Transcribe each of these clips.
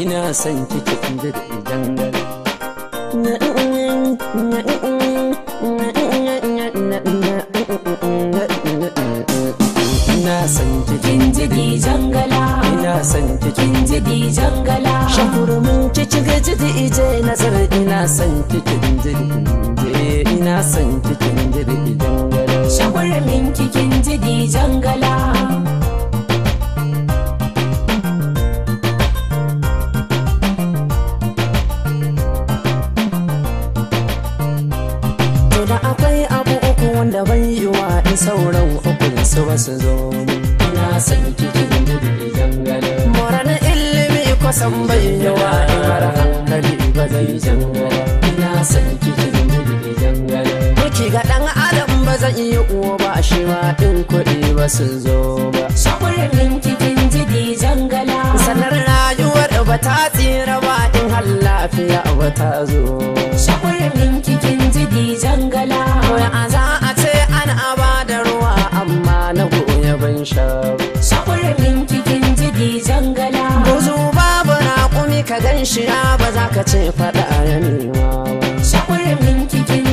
Ina son kike na da idan gani. Ina son kike. Ina son kike. daɗi jangala shakuru mun ci ci gaji da ije nazar ina son kikin jirgi ina son kikin jirgi jangala shakuru mun kikin jirgi jangala da akwai abu uku wanda bai yiwa in sauran uku su ba su zo ina son kikin san bai yawa in har hankali ba zai ina san kike zama da jangala kike ga dan adam ba zan iya uwa ba shi ma din kuɗi ba sun zo ba saburin kikin jidi jangala sanar rayuwar ba ta tsira ba in har lafiya ba ta zo saburin cikin jidi jangala ko ya za a ce an aba da ruwa amma na goya ban sha ba gan shi na ba za ka ce faɗa da ni ba. Shakwarin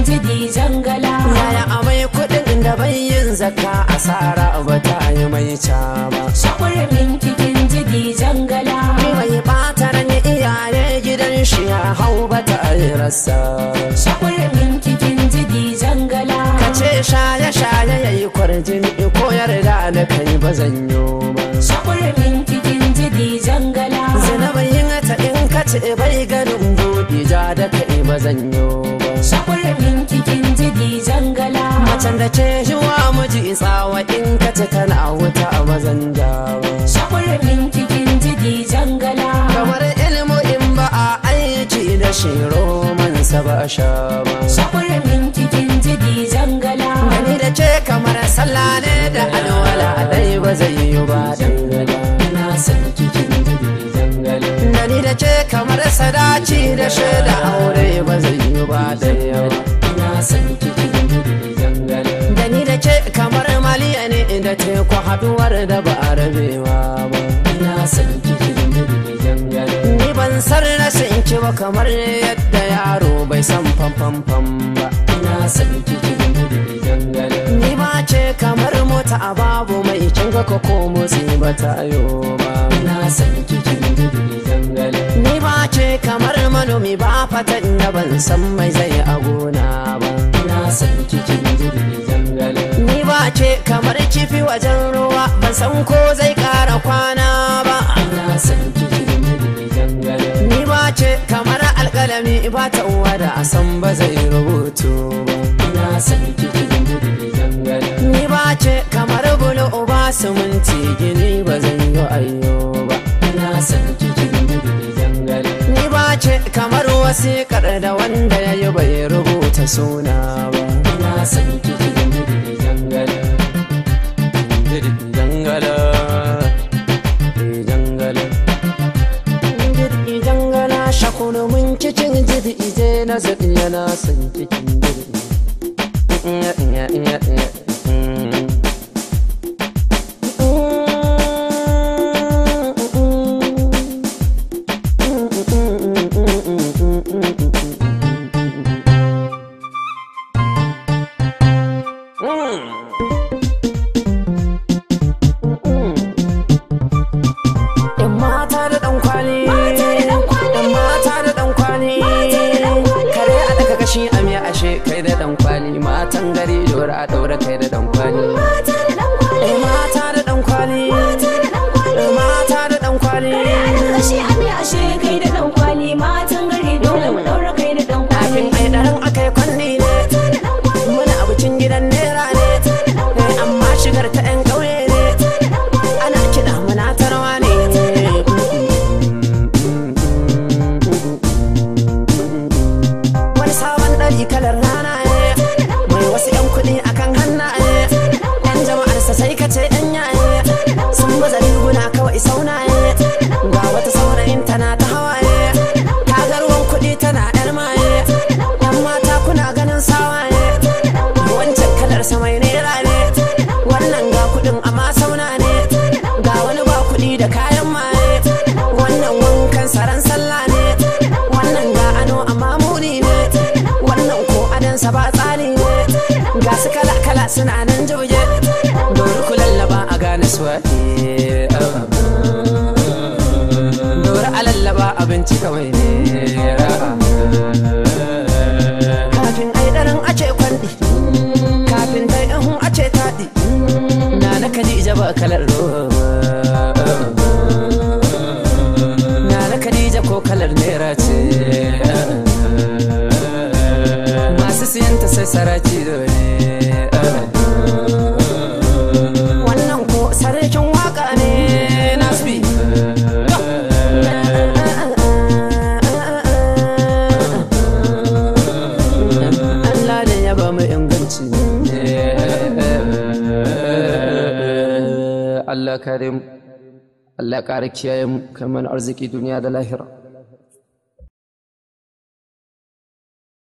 jidi zangala. Yaya amai kuɗin da bai yin zaka asara ba ta yi mai ca ba. Shakwarin kikin jidi zangala. Mai mai ɓatar ni iyaye gidan shi ya hau ba ta yi rasa. Shakwarin kikin jidi zangala. Ka ce shaye-shaye ya yi kwarjin ko yarda na kai ba zan yi ba. Shakwarin kikin jidi zangala. ce bai ganin gobe ja da kai ba zan ba shakurin cikin jigi jangala macen da ce wa miji tsawa in ka ce kana wuta a zan ja ba min cikin jigi jangala kamar ilmu in ba a aiki da shi sa ba sha ba shakurin cikin jigi jangala gani da ce kamar sallah ne da alwala dai ba zai yi ba dangala hankali da ni da kamar sadaci da shaida aure ba zai yi ba da yau ina san kiki da gudu jangale da ni da kamar maliya ne da teku haduwar da ba a rabewa ba ina san kiki da gudu jangale ni ban san na san ki ba kamar yadda yaro bai san fam fam ba ina san kiki da gudu jangale ni ba ce kamar mota a babu mai kinga ko ko motsi ba ta yo ba ina san kiki Ni ba ce kamar manomi ba fatan da ban san mai zai a gona ba. Ina san cikin Ni ba ce kamar kifi wajen ruwa ban san ko zai kara kwana ba. Ina san Ni ba ce kamar alkalami ba ta wada a san ba zai rubutu ba. Ina san Ni ba ce kamar bulu uba minti gini ba zan yi ayyo. san Ni ba ce kamar wasiƙar da wanda ya yi bai rubuta suna ba. Na san ki jangala. Jangala. shakunu mun cikin jirgi na zaɗi yana san cikin jirgi. shi ame ashe kai da dan kwali matan gari dora a daura kai da dan kwali mata da dan eh, kwali mata da dan kwali eh, mata da dan kwali mata da dan kwali ashe ashe kai da dan kwali mai eh. ga wata saurayin tana ta hawaye eh. ta ruwan kuɗi tana ɗar maye eh. yan mata kuna ganin sawaye wancan kalar samai ne rane wannan ga kuɗin amma sauna ne ga wani ba kuɗi da kayan maye wannan wankan saran sallah ne wannan ga ano amma muni ne wannan ko adansa ba tsali ne ga su kala kala suna nan jauje dole ku lallaba a gane 这个为你。الله كريم الله كارك شيئا كمن أرزقي دنيا دلاهرة